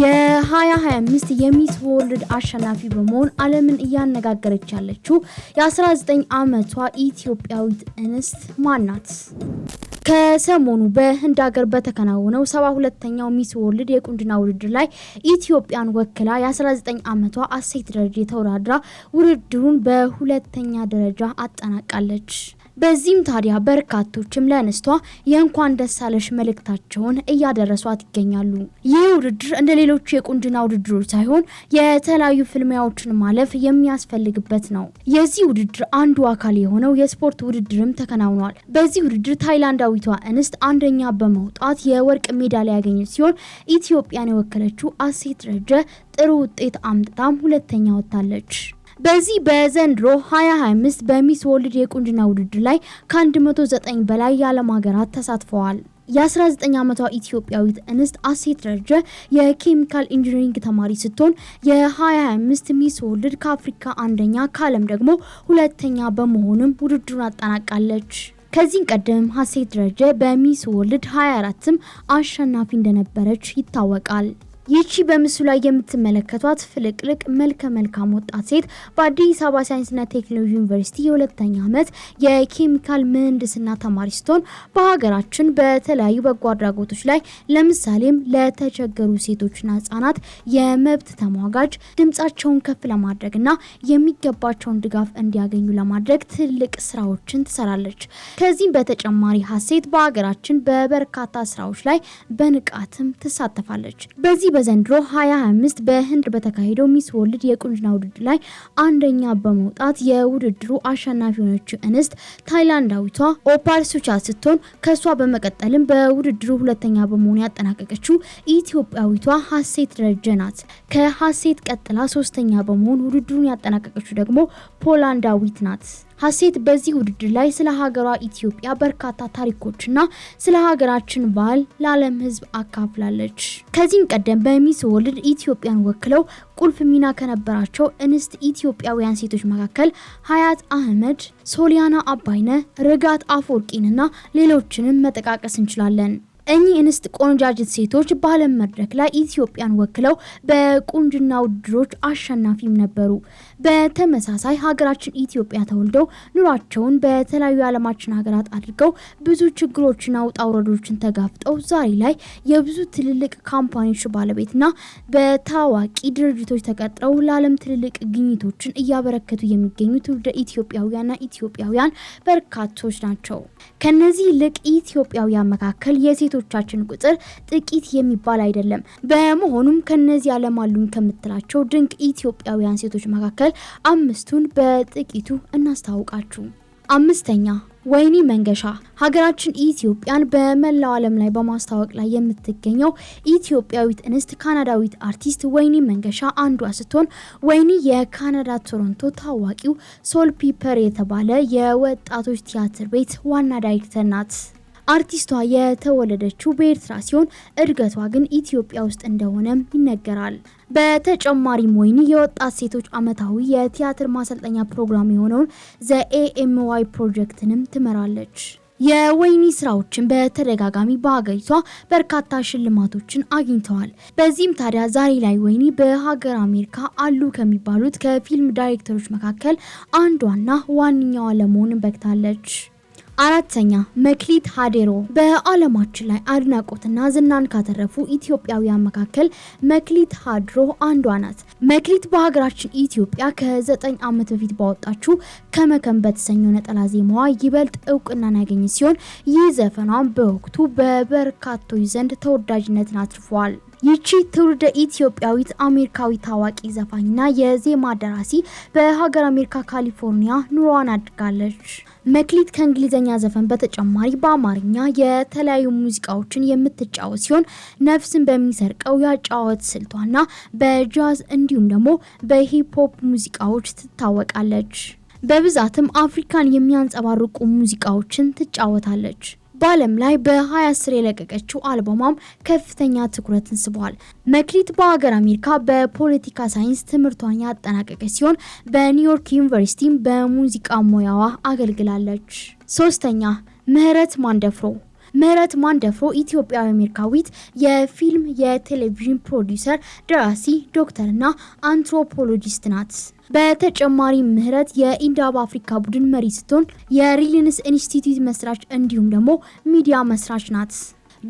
የ2025 የሚስ ወርልድ አሸናፊ በመሆን ዓለምን እያነጋገረች ያለችው የ19 ዓመቷ ኢትዮጵያዊት እንስት ማናት? ከሰሞኑ በህንድ ሀገር በተከናወነው ሰባ ሁለተኛው ሚስ ወርልድ የቁንጅና ውድድር ላይ ኢትዮጵያን ወክላ የ19 ዓመቷ አሴት ደረጀ ተወዳድራ ውድድሩን በሁለተኛ ደረጃ አጠናቃለች። በዚህም ታዲያ በርካቶችም ለእንስቷ የእንኳን ደስ አለሽ መልእክታቸውን እያደረሷት ይገኛሉ። ይህ ውድድር እንደ ሌሎቹ የቁንጅና ውድድሮች ሳይሆን የተለያዩ ፍልሚያዎችን ማለፍ የሚያስፈልግበት ነው። የዚህ ውድድር አንዱ አካል የሆነው የስፖርት ውድድርም ተከናውኗል። በዚህ ውድድር ታይላንዳዊቷ እንስት አንደኛ በመውጣት የወርቅ ሜዳሊያ ያገኘች ሲሆን ኢትዮጵያን የወከለችው አሴት ረጀ ጥሩ ውጤት አምጥታም ሁለተኛ ወጥታለች። በዚህ በዘንድሮ 2025 በሚስ ወርልድ የቁንጅና ውድድር ላይ ከ109 በላይ የዓለም ሀገራት ተሳትፈዋል። የ19 ዓመቷ ኢትዮጵያዊት እንስት አሴት ረጀ የኬሚካል ኢንጂነሪንግ ተማሪ ስትሆን የ2025 ሚስ ወርልድ ከአፍሪካ አንደኛ ከዓለም ደግሞ ሁለተኛ በመሆንም ውድድሩን አጠናቃለች። ከዚህ ቀደም ሀሴት ደረጀ በሚስ ወርልድ 24ም አሸናፊ እንደነበረች ይታወቃል። ይቺ በምስሉ ላይ የምትመለከቷት ፍልቅልቅ መልከ መልካም ወጣት ሴት በአዲስ አበባ ሳይንስና ቴክኖሎጂ ዩኒቨርሲቲ የሁለተኛ ዓመት የኬሚካል ምህንድስና ተማሪ ስትሆን በሀገራችን በተለያዩ በጎ አድራጎቶች ላይ ለምሳሌም ለተቸገሩ ሴቶችና ህጻናት የመብት ተሟጋጅ ድምጻቸውን ከፍ ለማድረግና የሚገባቸውን ድጋፍ እንዲያገኙ ለማድረግ ትልቅ ስራዎችን ትሰራለች። ከዚህም በተጨማሪ ሀሴት በሀገራችን በበርካታ ስራዎች ላይ በንቃትም ትሳተፋለች። በዚህ በዘንድሮ 2025 በህንድ በተካሄደው ሚስ ወርልድ የቁንጅና ውድድር ላይ አንደኛ በመውጣት የውድድሩ አሸናፊ የሆነችው እንስት ታይላንዳዊቷ ኦፓል ሱቻ ስትሆን ከእሷ በመቀጠልም በውድድሩ ሁለተኛ በመሆን ያጠናቀቀችው ኢትዮጵያዊቷ ሀሴት ደረጀ ናት። ከሀሴት ቀጥላ ሶስተኛ በመሆን ውድድሩን ያጠናቀቀችው ደግሞ ፖላንዳዊት ናት። ሀሴት በዚህ ውድድር ላይ ስለ ሀገሯ ኢትዮጵያ በርካታ ታሪኮችና ስለ ሀገራችን ባህል ለዓለም ሕዝብ አካፍላለች። ከዚህም ቀደም በሚስ ወርልድ ኢትዮጵያን ወክለው ቁልፍ ሚና ከነበራቸው እንስት ኢትዮጵያውያን ሴቶች መካከል ሀያት አህመድ፣ ሶሊያና አባይነ፣ ርጋት አፈወርቂንና ሌሎችንም መጠቃቀስ እንችላለን። እኚህ እንስት ቆንጃጅት ሴቶች በዓለም መድረክ ላይ ኢትዮጵያን ወክለው በቁንጅና ውድድሮች አሸናፊም ነበሩ። በተመሳሳይ ሀገራችን ኢትዮጵያ ተወልደው ኑሯቸውን በተለያዩ የዓለማችን ሀገራት አድርገው ብዙ ችግሮችና ውጣ ውረዶችን ተጋፍጠው ዛሬ ላይ የብዙ ትልልቅ ካምፓኒዎች ባለቤትና በታዋቂ ድርጅቶች ተቀጥረው ለዓለም ትልልቅ ግኝቶችን እያበረከቱ የሚገኙ ትውልደ ኢትዮጵያውያንና ኢትዮጵያውያን በርካቶች ናቸው። ከነዚህ ይልቅ ኢትዮጵያውያን መካከል የሴቶ የእህቶቻችን ቁጥር ጥቂት የሚባል አይደለም። በመሆኑም ከነዚህ ዓለም አሉኝ ከምትላቸው ድንቅ ኢትዮጵያውያን ሴቶች መካከል አምስቱን በጥቂቱ እናስታውቃችሁ። አምስተኛ ወይኒ መንገሻ ሀገራችን ኢትዮጵያን በመላው ዓለም ላይ በማስታወቅ ላይ የምትገኘው ኢትዮጵያዊት እንስት ካናዳዊት አርቲስት ወይኒ መንገሻ አንዷ ስትሆን ወይኒ የካናዳ ቶሮንቶ ታዋቂው ሶል ፒፐር የተባለ የወጣቶች ቲያትር ቤት ዋና ዳይሬክተር ናት። አርቲስቷ የተወለደችው በኤርትራ ሲሆን እድገቷ ግን ኢትዮጵያ ውስጥ እንደሆነም ይነገራል። በተጨማሪም ወይኒ የወጣት ሴቶች አመታዊ የቲያትር ማሰልጠኛ ፕሮግራም የሆነውን ዘኤኤምዋይ ፕሮጀክትንም ትመራለች። የወይኒ ስራዎችን በተደጋጋሚ በሀገሪቷ በርካታ ሽልማቶችን አግኝተዋል። በዚህም ታዲያ ዛሬ ላይ ወይኒ በሀገር አሜሪካ አሉ ከሚባሉት ከፊልም ዳይሬክተሮች መካከል አንዷና ዋነኛዋ ለመሆን በቅታለች። አራተኛ መክሊት ሀዴሮ በዓለማችን ላይ አድናቆትና ዝናን ካተረፉ ኢትዮጵያውያን መካከል መክሊት ሀድሮ አንዷ ናት። መክሊት በሀገራችን ኢትዮጵያ ከዘጠኝ ዓመት በፊት ባወጣችው ከመከም በተሰኘው ነጠላ ዜማዋ ይበልጥ እውቅናን ያገኘ ሲሆን ይህ ዘፈኗን በወቅቱ በበርካቶች ዘንድ ተወዳጅነትን አትርፏል። ይቺ ትውልደ ኢትዮጵያዊት አሜሪካዊ ታዋቂ ዘፋኝና የዜማ ደራሲ በሀገር አሜሪካ ካሊፎርኒያ ኑሯን አድርጋለች። መክሊት ከእንግሊዝኛ ዘፈን በተጨማሪ በአማርኛ የተለያዩ ሙዚቃዎችን የምትጫወት ሲሆን ነፍስን በሚሰርቀው ያጫወት ስልቷና በጃዝ እንዲሁም ደግሞ በሂፕሆፕ ሙዚቃዎች ትታወቃለች። በብዛትም አፍሪካን የሚያንጸባርቁ ሙዚቃዎችን ትጫወታለች። በዓለም ላይ በ2010 የለቀቀችው አልበሟም ከፍተኛ ትኩረትን ስቧል። መክሊት በሀገር አሜሪካ በፖለቲካ ሳይንስ ትምህርቷን ያጠናቀቀች ሲሆን በኒውዮርክ ዩኒቨርሲቲም በሙዚቃ ሙያዋ አገልግላለች። ሶስተኛ ምህረት ማንደፍሮ ምህረት ማንደፍሮ ኢትዮጵያዊ አሜሪካዊት የፊልም የቴሌቪዥን ፕሮዲውሰር፣ ደራሲ፣ ዶክተርና አንትሮፖሎጂስት ናት። በተጨማሪ ምህረት የኢንዳብ አፍሪካ ቡድን መሪ ስትሆን የሪሊንስ ኢንስቲትዩት መስራች እንዲሁም ደግሞ ሚዲያ መስራች ናት።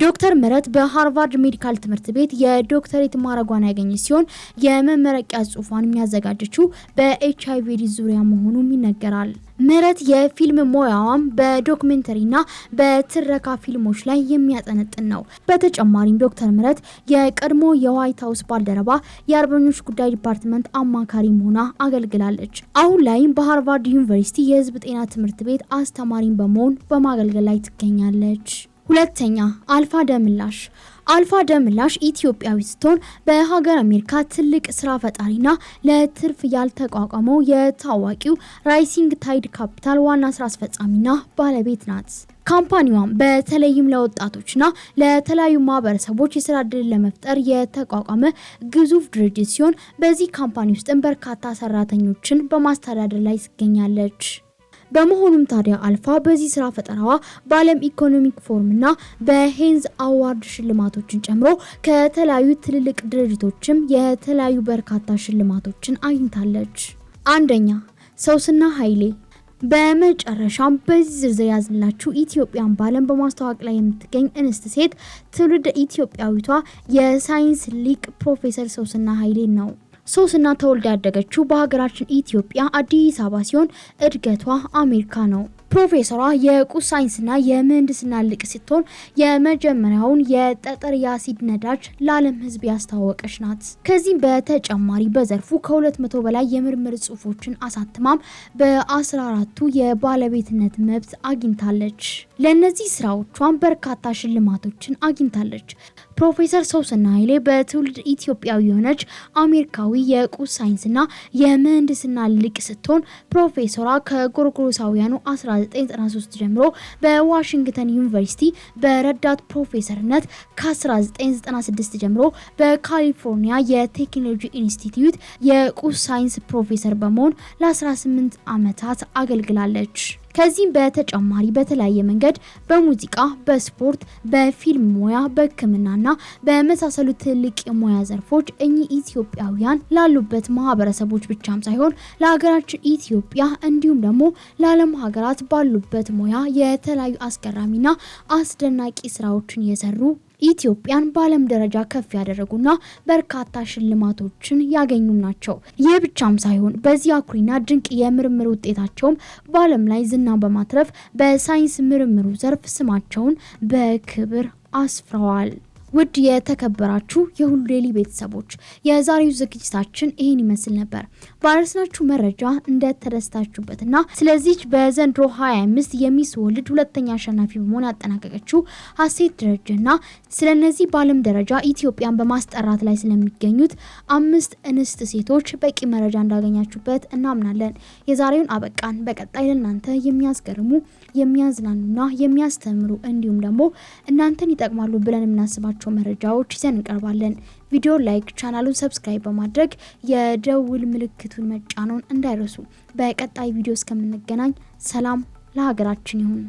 ዶክተር ምረት በሃርቫርድ ሜዲካል ትምህርት ቤት የዶክተሬት ማዕረጓን ያገኘች ሲሆን የመመረቂያ ጽሁፏን የሚያዘጋጀችው በኤች አይ ቪ ኤድስ ዙሪያ መሆኑም ይነገራል። ምረት የፊልም ሙያዋም በዶክመንተሪና በትረካ ፊልሞች ላይ የሚያጠነጥን ነው። በተጨማሪም ዶክተር ምረት የቀድሞ የዋይት ሀውስ ባልደረባ የአርበኞች ጉዳይ ዲፓርትመንት አማካሪ መሆና አገልግላለች። አሁን ላይም በሃርቫርድ ዩኒቨርሲቲ የህዝብ ጤና ትምህርት ቤት አስተማሪም በመሆን በማገልገል ላይ ትገኛለች። ሁለተኛ አልፋ ደምላሽ አልፋ ደምላሽ ኢትዮጵያዊ ስትሆን በሀገር አሜሪካ ትልቅ ስራ ፈጣሪና ለትርፍ ያልተቋቋመው የታዋቂው ራይሲንግ ታይድ ካፒታል ዋና ስራ አስፈጻሚና ባለቤት ናት። ካምፓኒዋም በተለይም ለወጣቶችና ለተለያዩ ማህበረሰቦች የስራ እድል ለመፍጠር የተቋቋመ ግዙፍ ድርጅት ሲሆን በዚህ ካምፓኒ ውስጥም በርካታ ሰራተኞችን በማስተዳደር ላይ ትገኛለች። በመሆኑም ታዲያ አልፋ በዚህ ስራ ፈጠራዋ በዓለም ኢኮኖሚክ ፎርምና በሄንዝ አዋርድ ሽልማቶችን ጨምሮ ከተለያዩ ትልልቅ ድርጅቶችም የተለያዩ በርካታ ሽልማቶችን አግኝታለች። አንደኛ ሰውስና ኃይሌ። በመጨረሻም በዚህ ዝርዝር ያዝንላችሁ ኢትዮጵያን በዓለም በማስተዋወቅ ላይ የምትገኝ እንስት ሴት ትውልድ ኢትዮጵያዊቷ የሳይንስ ሊቅ ፕሮፌሰር ሰውስና ኃይሌ ነው። ሶስና ተወልዳ ያደገችው በሀገራችን ኢትዮጵያ አዲስ አበባ ሲሆን እድገቷ አሜሪካ ነው። ፕሮፌሰሯ የቁስ ሳይንስና የምህንድስና ልቅ ስትሆን የመጀመሪያውን የጠጠር የአሲድ ነዳጅ ለዓለም ሕዝብ ያስታወቀች ናት። ከዚህም በተጨማሪ በዘርፉ ከሁለት መቶ በላይ የምርምር ጽሁፎችን አሳትማም በ14ቱ የባለቤትነት መብት አግኝታለች። ለእነዚህ ስራዎቿን በርካታ ሽልማቶችን አግኝታለች። ፕሮፌሰር ሰውስና ኃይሌ በትውልድ ኢትዮጵያዊ የሆነች አሜሪካዊ የቁስ ሳይንስና የምህንድስና ሊቅ ስትሆን ፕሮፌሰሯ ከጎርጎሮሳውያኑ 1993 ጀምሮ በዋሽንግተን ዩኒቨርሲቲ በረዳት ፕሮፌሰርነት ከ1996 ጀምሮ በካሊፎርኒያ የቴክኖሎጂ ኢንስቲትዩት የቁስ ሳይንስ ፕሮፌሰር በመሆን ለ18 ዓመታት አገልግላለች። ከዚህም በተጨማሪ በተለያየ መንገድ በሙዚቃ፣ በስፖርት፣ በፊልም ሙያ፣ በሕክምናና በመሳሰሉ ትልቅ የሙያ ዘርፎች እኚህ ኢትዮጵያውያን ላሉበት ማህበረሰቦች ብቻም ሳይሆን ለሀገራችን ኢትዮጵያ እንዲሁም ደግሞ ለዓለም ሀገራት ባሉበት ሙያ የተለያዩ አስገራሚና አስደናቂ ስራዎችን የሰሩ ኢትዮጵያን በዓለም ደረጃ ከፍ ያደረጉና በርካታ ሽልማቶችን ያገኙም ናቸው። ይህ ብቻም ሳይሆን በዚህ አኩሪና ድንቅ የምርምር ውጤታቸውም በዓለም ላይ ዝና በማትረፍ በሳይንስ ምርምሩ ዘርፍ ስማቸውን በክብር አስፍረዋል። ውድ የተከበራችሁ የሁሉ ዴይሊ ቤተሰቦች የዛሬው ዝግጅታችን ይህን ይመስል ነበር። ባረስናችሁ መረጃ እንደተደስታችሁበትና ስለዚች በዘንድሮ 25 የሚስ ወርልድ ሁለተኛ አሸናፊ በመሆን ያጠናቀቀችው ሀሴት ደረጀና ስለነዚህ በዓለም ደረጃ ኢትዮጵያን በማስጠራት ላይ ስለሚገኙት አምስት እንስት ሴቶች በቂ መረጃ እንዳገኛችሁበት እናምናለን። የዛሬውን አበቃን። በቀጣይ ለእናንተ የሚያስገርሙ የሚያዝናኑና የሚያስተምሩ እንዲሁም ደግሞ እናንተን ይጠቅማሉ ብለን የምናስባቸው ያላቸው መረጃዎች ይዘን እንቀርባለን። ቪዲዮ ላይክ፣ ቻናሉን ሰብስክራይብ በማድረግ የደውል ምልክቱን መጫኖን እንዳይረሱ። በቀጣይ ቪዲዮ እስከምንገናኝ ሰላም ለሀገራችን ይሁን።